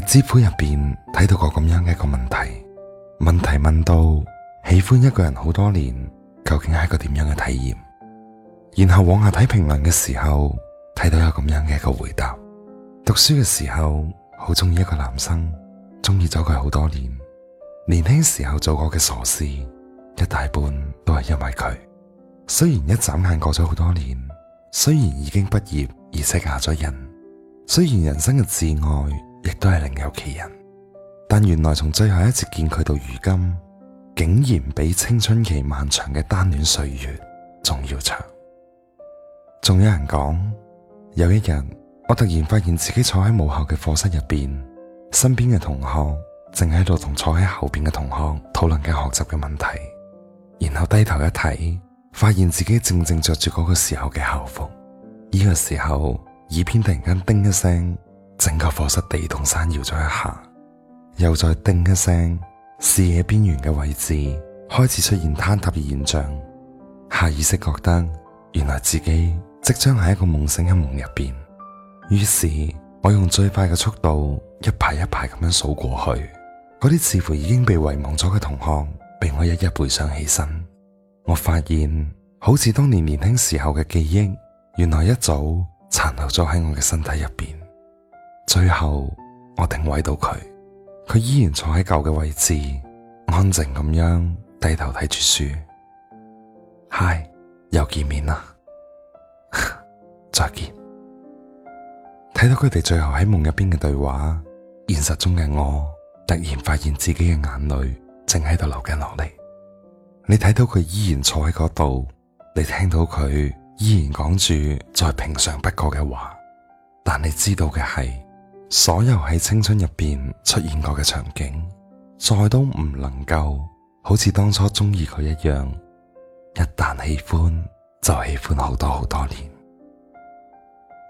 喺知乎入邊睇到過咁樣嘅一個問題，問題問到喜歡一個人好多年，究竟係一個點樣嘅體驗？然後往下睇評論嘅時候，睇到有咁樣嘅一個回答：讀書嘅時候好中意一個男生，中意咗佢好多年，年輕時候做過嘅傻事一大半都係因為佢。雖然一眨眼過咗好多年，雖然已經畢業而且嫁咗人，雖然人生嘅摯愛。亦都係另有其人，但原來從最後一次見佢到如今，竟然比青春期漫長嘅單戀歲月仲要長。仲有人講，有一日我突然發現自己坐喺母校嘅課室入邊，身邊嘅同學正喺度同坐喺後邊嘅同學討論緊學習嘅問題，然後低頭一睇，發現自己正正着住嗰個時候嘅校服，呢、這個時候耳邊突然間叮一聲。整個課室地動山搖咗一下，又再叮一聲，視野邊緣嘅位置開始出現坍塌嘅現象。下意識覺得，原來自己即將喺一個夢醒嘅夢入邊。於是我用最快嘅速度，一排一排咁樣數過去，嗰啲似乎已經被遺忘咗嘅同學，被我一一回想起身。我發現，好似當年年輕時候嘅記憶，原來一早殘留咗喺我嘅身體入邊。最後我定位到佢，佢依然坐喺舊嘅位置，安靜咁樣低頭睇住書。嗨，又見面啦， 再見。睇到佢哋最後喺夢入邊嘅對話，現實中嘅我突然發現自己嘅眼淚正喺度流緊落嚟。你睇到佢依然坐喺嗰度，你聽到佢依然講住再平常不過嘅話，但你知道嘅係。所有喺青春入邊出現過嘅場景，再都唔能夠好似當初中意佢一樣。一旦喜歡就喜歡好多好多年。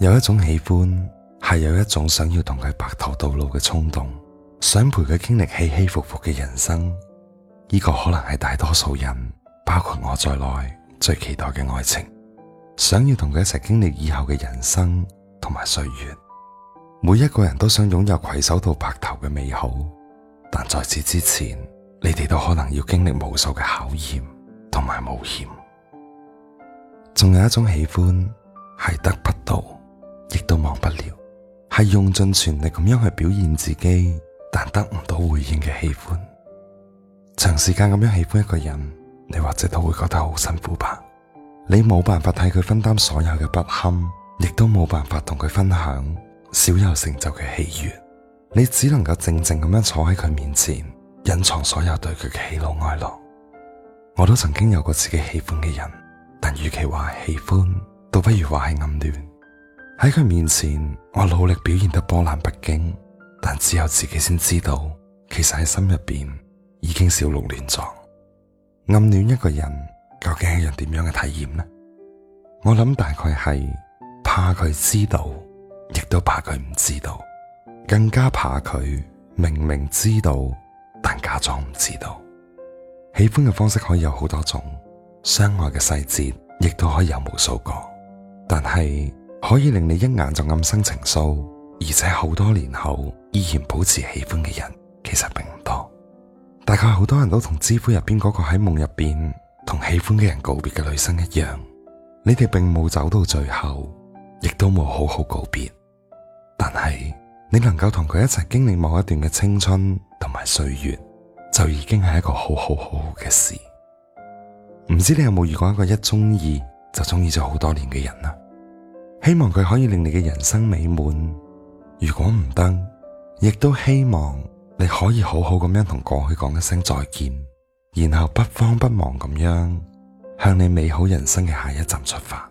有一種喜歡係有一種想要同佢白頭到老嘅衝動，想陪佢經歷起起伏伏嘅人生。呢個可能係大多數人，包括我在內最期待嘅愛情。想要同佢一齊經歷以後嘅人生同埋歲月。每一個人都想擁有携手到白頭嘅美好，但在此之前，你哋都可能要經歷無數嘅考驗同埋冒險。仲有一種喜歡係得不到，亦都忘不了，係用盡全力咁樣去表現自己，但得唔到回應嘅喜歡。長時間咁樣喜歡一個人，你或者都會覺得好辛苦吧？你冇辦法替佢分擔所有嘅不堪，亦都冇辦法同佢分享，小有成就嘅喜悅，你只能夠靜靜咁樣坐喺佢面前，隱藏所有對佢嘅喜怒哀樂。我都曾經有過自己喜歡嘅人，但與其話喜歡，倒不如話係暗戀。喺佢面前，我努力表現得波瀾不驚，但只有自己先知道，其實喺心入邊已經小鹿亂撞。暗戀一個人，究竟係一樣點樣嘅體驗呢？我諗大概係怕佢知道。亦都怕佢唔知道，更加怕佢明明知道，但假裝唔知道。喜歡嘅方式可以有好多種，相愛嘅細節亦都可以有無數個。但係可以令你一眼就暗生情愫，而且好多年後依然保持喜歡嘅人，其實並唔多。大概好多人都同知乎入邊嗰個喺夢入邊同喜歡嘅人告別嘅女生一樣，你哋並冇走到最後，亦都冇好好告別。但係你能夠同佢一齊經歷某一段嘅青春同埋歲月，就已經係一個好好好好嘅事。唔知你有冇遇過一個一中意就中意咗好多年嘅人啦？希望佢可以令你嘅人生美滿。如果唔得，亦都希望你可以好好咁樣同過去講一聲再見，然後不慌不忙咁樣向你美好人生嘅下一站出發。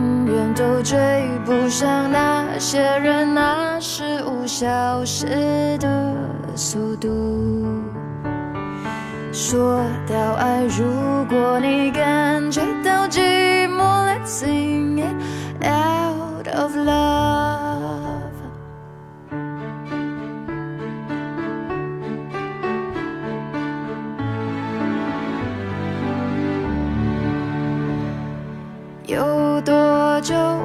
都追不上那些人，那是五小時的速度。說到愛，如果你感覺到寂寞，Let's sing it out of love。